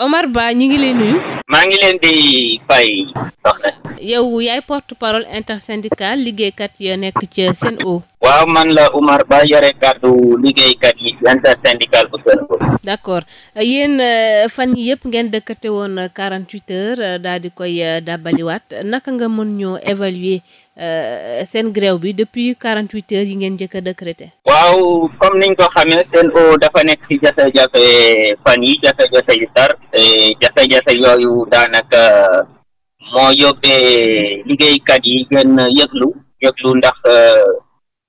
Omar Ba ñu ngi lay maa ngi leen di fay soxna si. yow yaay porte parole intersyndical liggéeykat ya nekk ca Sen'Eau. waaw man la Omar Ba yore kàddu liggéeykat yi intersyndical bu Sonko. d' accord euh, yéen euh, fan yi yëpp ngeen dëkkate woon 48 euh, heures daal di koy dàbbaliwaat naka nga mën ñoo évaluer seen grève bi depuis 48 heures yi ngeen njëkk a décrété. waaw comme niñ ko xamee Sen'Eau dafa nekk si jafe-jafe fan yi jafe-jafe yu tar jafe-jafe yooyu daanaka moo yóbbee liggéeykat yi gën yëglu yëglu ndax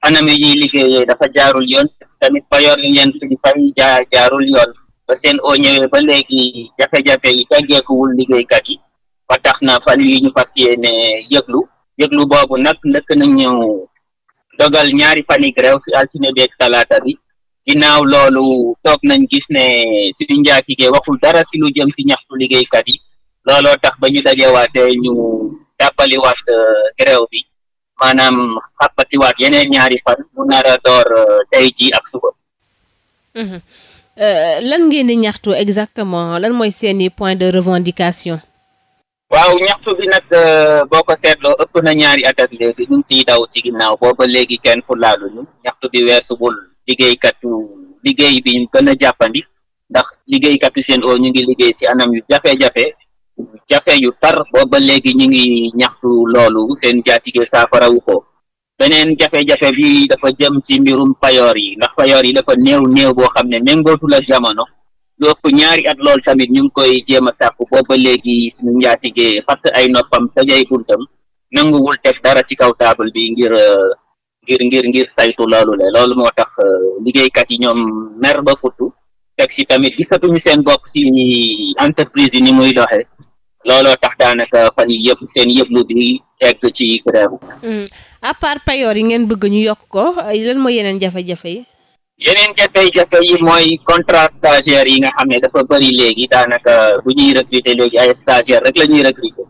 anam yi ñuy liggéeyee dafa jaarul yoon. tamit ba yor ngeen suñu fay jaa jaarul yoon ba seen oo ñëwee ba léegi jafe-jafe yi teggeekuwul liggéeykat yi ba tax na fan yi ñu fas yéene yëglu yëglu boobu nag ndëkk nañu dogal ñaari fani grève si altine beeg talaata bi ginnaaw loolu toog nañ gis ne suñu njaatige waxul dara si lu jëm si ñaxtu liggéeykat yi looloo tax ba ñu dajewaatee ñu tàbbaliwaat euh, grève bi maanaam xàppatiwaat yeneen ñaari fan mu nar a door euh, tey jii ak suba. Mhm. Euh, lan ngeen di ñaxtu exactement lan mooy seeni point de revendication. waaw ñaxtu bi nag euh, boo ko seetloo ëpp na ñaari at ak léegi ñu ngi daw ci ginnaaw booba léegi kenn fu laaluñu ñaxtu bi weesuwul liggéeykatu liggéey biñ gën a jàppandi ndax liggéeykatu Sen'Eau ñu ngi liggéey ci anam yu jafe-jafe jafe yu tar booba léegi ñu ngi ñaxtu loolu seen jaatige saafarawu ko beneen jafe-jafe bi dafa jëm ci mbirum payoor yi ndax payoor yi dafa néew néew boo xam ne méngootul ak jamono lu ëpp ñaari at lool tamit ñu ngi koy jéem a sàkku booba léegi suñu njaatige fatt ay noppam tajay buntam nanguwul teg dara ci kaw taabal bi ngir ngir ngir ngir saytu loolu le loolu moo tax liggéeykat yi ñoom mer ba futu teg ci tamit gisatuñu seen bopp si entreprise yi ni muy doxee looloo tax daanaka fan yi yëpp seen yëglu bi egg ci grève mm. à part payoor yi ngeen bëgg ñu yokk ko lan mooy yeneen jafe-jafe yi yeneen jafe-jafe yi mooy contrat stagiaire yi nga xam ne dafa bëri léegi daanaka bu ñuy recruter léegi ay stagiaire rek la ñuy recruter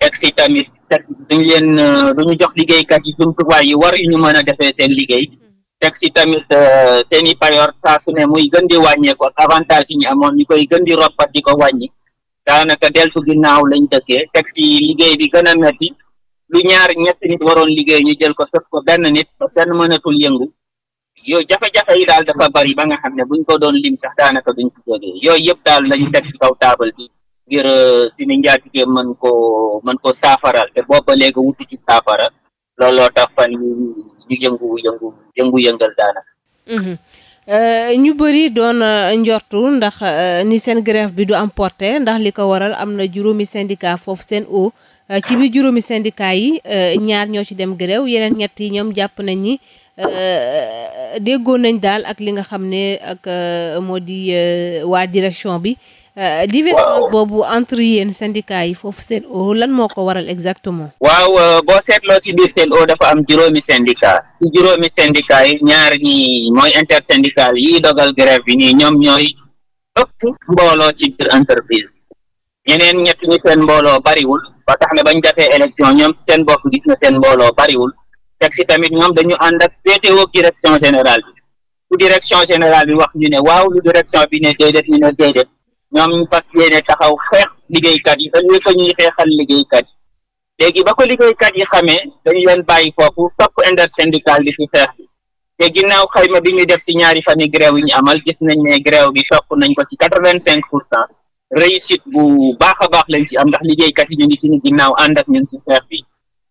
teg si tamit teg dañ leen euh, duñu jox liggéeykat yi jumtuwaay yi war yu ñu mën a defee seen liggéey teg si tamit euh, seen i payoor saa su ne muy gën di wàññeeku ak avantage yi ñu amoon ñu koy gën di roppat di ko wàññi daanaka deltu ginnaaw lañ dëkkee teg si liggéey bi gën a metti lu ñaar ñetti nit waroon liggéey ñu jël ko sëf ko benn nit ba kenn mënatul yëngu yooyu jafe-jafe yi daal dafa bari ba nga xam ne buñ ko doon lim sax daanaka duñ si jógee yooyu yëpp daal lañu teg si kaw taabal bi ngir euh, suñu njaatigee mën koo mën ko saafaral te booba léegi wutu ci saafara looloo tax fan ñu yëngu yëngu yëngu yëngal daanaka mm-hmm. Euh, ñu bëri doon euh, njortu ndax euh, ni seen grève bi du am porté ndax li ko waral am na juróomi syndicat foofu seen o ci biir juróomi syndicat yi ñaar ñoo ci dem grève yeneen ñett yi ñoom jàpp nañ ni déggoo nañ daal ak li nga xam ne ak moo di waa direction bi Euh, divergence boobu entre yéen syndicat yi foofu SEN'EAU lan moo ko waral exactement. waaw euh, boo seetloo ci biir seen o dafa am juróomi syndicat ci juróomi syndicat yi ñaar ñi mooy intersyndical yi dogal grève bi nii ñoom ñooy ëpp mbooloo ci biir entreprise ñeneen ñett ñi seen mbooloo bariwul ba tax na bañ defee élection ñoom seen bopp gis na seen mbooloo bariwul tek si tamit ñoom dañu ànd ak féetewoog direction générale bi bu direction générale bi wax ñu ne waaw lu bi ne ñu ñoom fas yéene taxaw xeex liggéeykat yi ëllëg ko ñuy xeexal liggéeykat yi léegi ba ko liggéeykat yi xamee dañu leen bàyyi foofu topp intersyndical bi ci xeex bi te ginnaaw xayma bi ñu def ci ñaari fan yi grève yi ñu amal gis nañ ne grève bi topp nañ ko ci quatre vingt cinq pour cent réussite bu baax a baax lañ ci am ndax liggéeykat yi ñu ngi ci ni ginnaaw ànd ak ñun ci xeex bi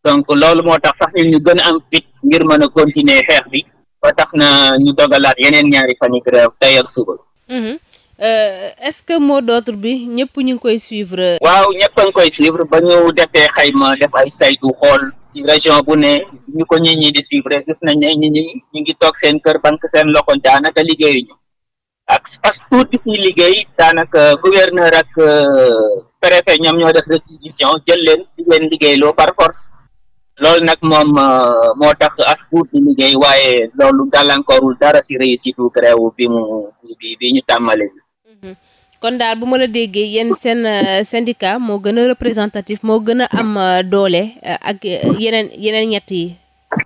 donc loolu moo tax sax ñun ñu gën a am fit ngir mën a continuer xeex bi ba tax na ñu dogalaat yeneen ñaari fan yi grève tey ak suba mm-hmm. Euh, est-ce que mot d'ordre bi ñëpp ñu ngi koy suivre. waaw ñëpp a ngi koy suivre ba ñu defee xayma def ay saytu xool ci région bu ne ñu ko ñi ñi di suivre gis nañ ne ñi ñi ñu ngi toog seen kër bank seen loxo daanaka liggéeyuñu ak as tuut di ciy liggéey daanaka gouverneur ak euh, préfet ñoom ñoo def réquisition jël leen di leen liggéeyloo par force loolu nag moom euh, moo tax ak tuut liggéey waaye loolu gàllankoorul dara ci réussite wu bi mu bi bi ñu tàmmale. kon daal bu ma la déggee yéen seen euh, syndicat moo gën a représentatif moo gën a am euh, doole euh, ak yeneen yeneen ñett yi.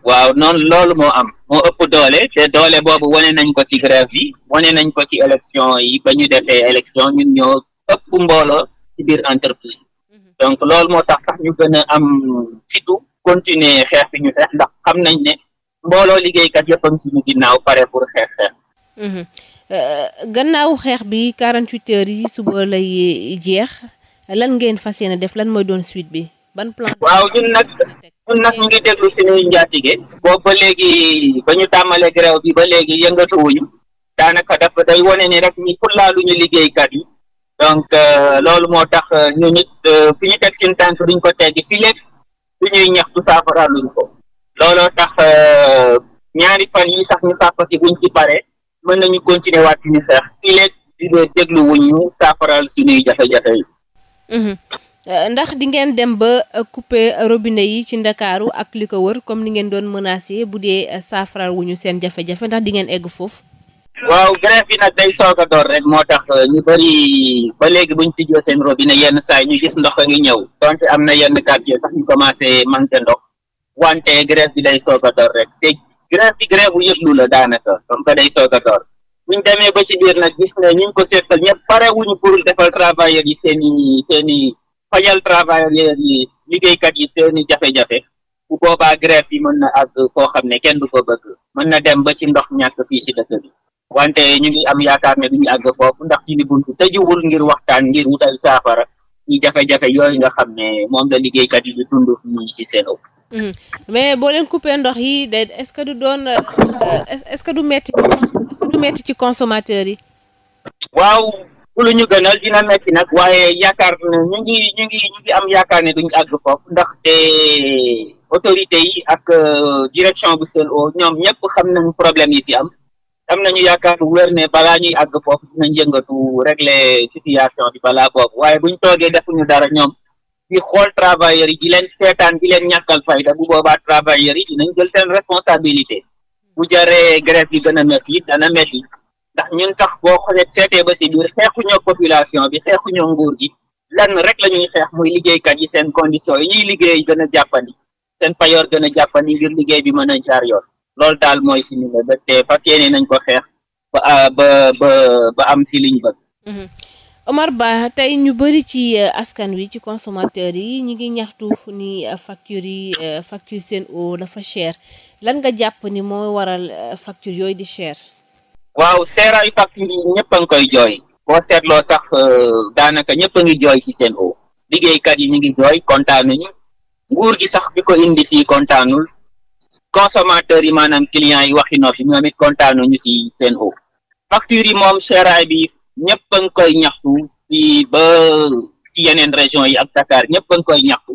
waaw noon loolu moo am moo ëpp doole te doole boobu wane nañ ko ci grève yi wane nañ ko ci élection yi ba ñu defee élection ñun ñoo ëpp mbooloo ci biir entreprise mhm. donc loolu moo tax sax ñu gën a am fitu continuer xeex bi ñu xeex ndax xam nañ ne mbooloo liggéeykat yëpp a ci ñu ginnaaw pare pour xeex xeex. Mhm. Euh, gannaaw xeex bi 48 heures yi suba lay jeex lan ngeen fas yéene def lan mooy doon suite bi ban plan. waaw ñun nag ñun nag ñu ngi déglu suñuy njaatige. boobu ba léegi ba ñu tàmmalee grève bi ba léegi yëngatuwuñu daanaka dafa day wane ni rek ñi fullaalu ñu liggéeykat yi. donc euh, loolu moo tax euh, ñu nit fi ñu teg suñu tànk duñ ko teggi fi lépp suñuy ñaxtu saafara luñ ko looloo tax ñaari fan yi sax ñu sàppati buñ ci pare mën nañu continuer waat suñu xeex fii léegi di dee déglu wuñ ñu saafaral suñuy jafe-jafe yi. Mhm. Euh, ndax di ngeen dem ba euh, couper robinet yi ci ndakaaru ak li ko wër comme ni ngeen doon menacé bu dee euh, saafaraal wuñu seen jafe-jafe ndax di ngeen egg foofu. waaw grève bi nag day soog a door rek moo tax ñu bëri ba léegi buñ tijjoo seen robinet yenn saa yi ñu gis ndox a ngi ñëw donte am na yenn quartier sax ñu commencé mante ndox wante grève bi day soog a rek grève bi grève bu yëglu la daanaka comme que day soog buñ demee ba ci biir nag gis ne ñu ngi ko seetal ñëpp parewuñu pour defal travailleurs yi seen i seen i fajal travailleurs yi liggéeykat yi seen i jafe-jafe bu boobaa grève bi mën na àgg foo xam ne kenn du ko bëgg mën na dem ba ci ndox ñàkk fii si dëkk bi wante ñu ngi am yaakaar ne duñu àgg foofu ndax suñu buntu tëjuwul ngir waxtaan ngir wutal saafara ñi jafe-jafe yooyu nga xam ne moom la liggéeykat yi di dund fii seen ëpp Mm. mais boo leen coupé ndox yi de est-ce que du doon euh, euh, est-ce que du metti est ci consommateur yi. waaw bu lu ñu gënal dina metti nag waaye yaakaar na ñu ngi ñu ngi ñu ngi am yaakaar ne duñu àgg foofu te autorité yi ak euh, direction bu Sen'Eau ñoom ñëpp xam nañu problème yi si am am nañu yaakaar wér ne balaa ñuy àgg foofu dinañ yëngatu régler situation bi balaa boobu waaye buñ toogee defuñu dara ñoom. di xool travailleurs yi di leen seetaan di leen ñàkkal fayda bu boobaa travailleurs yi dinañ jël seen responsabilité bu jaree grève gi gën a métti it dana métti ndax ñun sax boo xoolee seetee ba si biir xeexuñoo population bi xeexuñoo nguur gi lan rek lañuy xeex muy liggéeykat yi seen condition yi ñuy liggéey gën a jàppandi seen payoor gën a jàppandi ngir liggéey bi mën a jaar yoon loolu daal mooy si suñu mébét te fas yéene nañ ko xeex ba ah, ba ba ba am si liñ Omar Ba tey ñu bëri ci euh, askan wi ci consommateur yi ñi ngi ñaxtu ni euh, facture yi euh, facture o dafa cher lan nga jàpp ni moo waral facture yooyu di cher. waaw seeraayu facture yi ñëpp a ngi koy jooy. boo seetloo sax daanaka ñëpp ngi jooy ci seen o liggéeykat yi ñu ngi jooy kontaanuñu nguur gi sax bi ko indi fii kontaanul consommateur yi maanaam client yi waxi yi ñoom it kontaanuñu ci Sen'Eau facture yi moom seeraay bi. ñëpp a ngi koy ñaxtu ci ba ci yeneen région yi ak Dakar ñëpp a ngi koy ñaxtu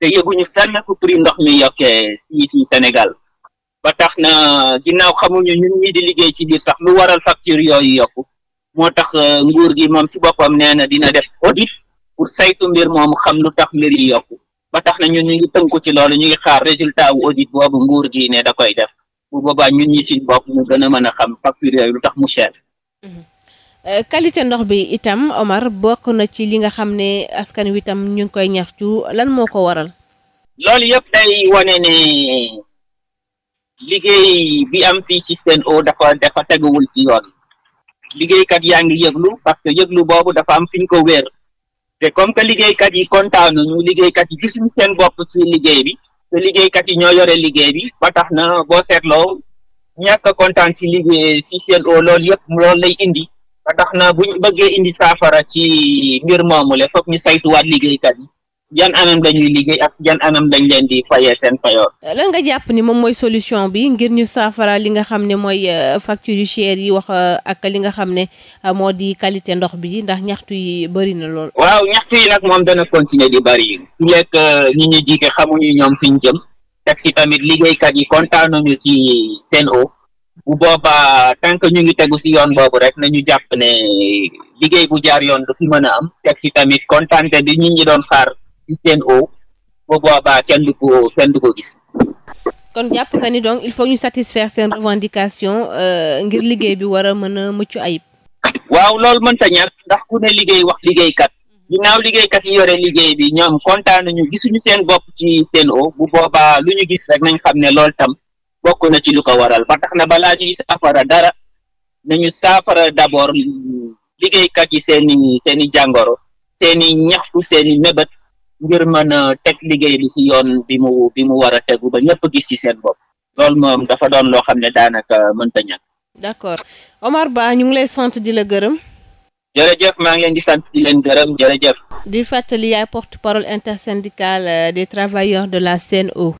te yëguñu fenn fu prix ndox mi yokkee fii si Sénégal ba tax na ginnaaw xamuñu ñu ñi di liggéey ci biir sax lu waral facture yooyu yokku moo tax euh, nguur gi moom si boppam nee na dina def audit pour saytu mbir moom xam lu tax mbir yi yokku ba tax na ñun ñu ngi tënku ci loolu ñu ngi xaar résultat wu audit boobu nguur gi ne da koy def bu boobaa ñun ñi si bopp ñu gën a mën a xam facture lu tax mu cher mm-hmm. Euh, qualité ndox bi itam Omar bokk na ci li nga xam ne askan wi itam ñu ngi koy ñaxtu lan moo ko waral. loolu yëpp day wane ne liggéey bi am fii ci Sen'Eau dafa dafa teguwul ci yoon liggéeykat yaa ngi yëglu parce que yëglu boobu dafa am fi ñu ko wéer te comme que liggéeykat yi kontaanuñu liggéeykat yi gisuñu seen bopp ci liggéey bi te liggéeykat yi ñoo yore liggéey bi ba tax na boo seetloo ñàkk kontaan ci liggéey ci Sen'Eau loolu yëpp loolu lay indi ba tax na bu ñu bëggee indi saafara ci mbir moomule foog ñu saytuwaat liggéeykat yi yan anam dañuy liggéey ak jan anam dañ leen di fayee seen payoor. lan nga jàpp ni moom mooy solution bi ngir ñu saafara li nga xam ne mooy euh, facture yu cher yi wax euh, ak li nga xam ne euh, moo di qualité ndox bi ndax ñaxtu yi bëri na lool. waaw ñaxtu yi nag moom dana continuer di bëri su lekk nit ñu jiite xamuñu ñoom fi ñu jëm teg si tamit liggéeykat yi kontaanuñu ci seen eau bu boobaa tant que ñu ngi tegu si yoon boobu rek nañu jàpp ne liggéey bu jaar yoon du mën a am teg si tamit kontante bi nit ñi doon xaar ci seen o bu boobaa kenn du ko gis. kon jàpp nga ni donc il faut ñu satisfaire seen revendication euh, ngir liggéey bi war a mën a mucc ayib. waaw loolu mënta ñàkk ndax ku ne liggéey wax liggéeykat ginnaaw liggéeykat yi yore liggéey bi ñoom kontaan nañu gisuñu seen bopp ci seen o bu boobaa lu ñu gis rek nañ xam ne loolu tam. bokk na ci lu ko waral ba tax na balaa ñuy saafara dara nañu saafara d'abord liggéeykat yi seeni seeni jàngoro seeni ñaxtu seeni mébét ngir mën a teg liggéey bi si yoon bi mu bi mu war a tegu ba ñëpp gis ci seen bopp loolu moom dafa doon loo xam ne daanaka mënta ñàkk. d'accord Omar Ba ñu ngi lay sant di la gërëm. jërëjëf maa ngi leen di sant di leen gërëm jërëjëf. di fàttali yaay porte-parole intersyndicale euh, des travailleurs de la seen SEN'EAU.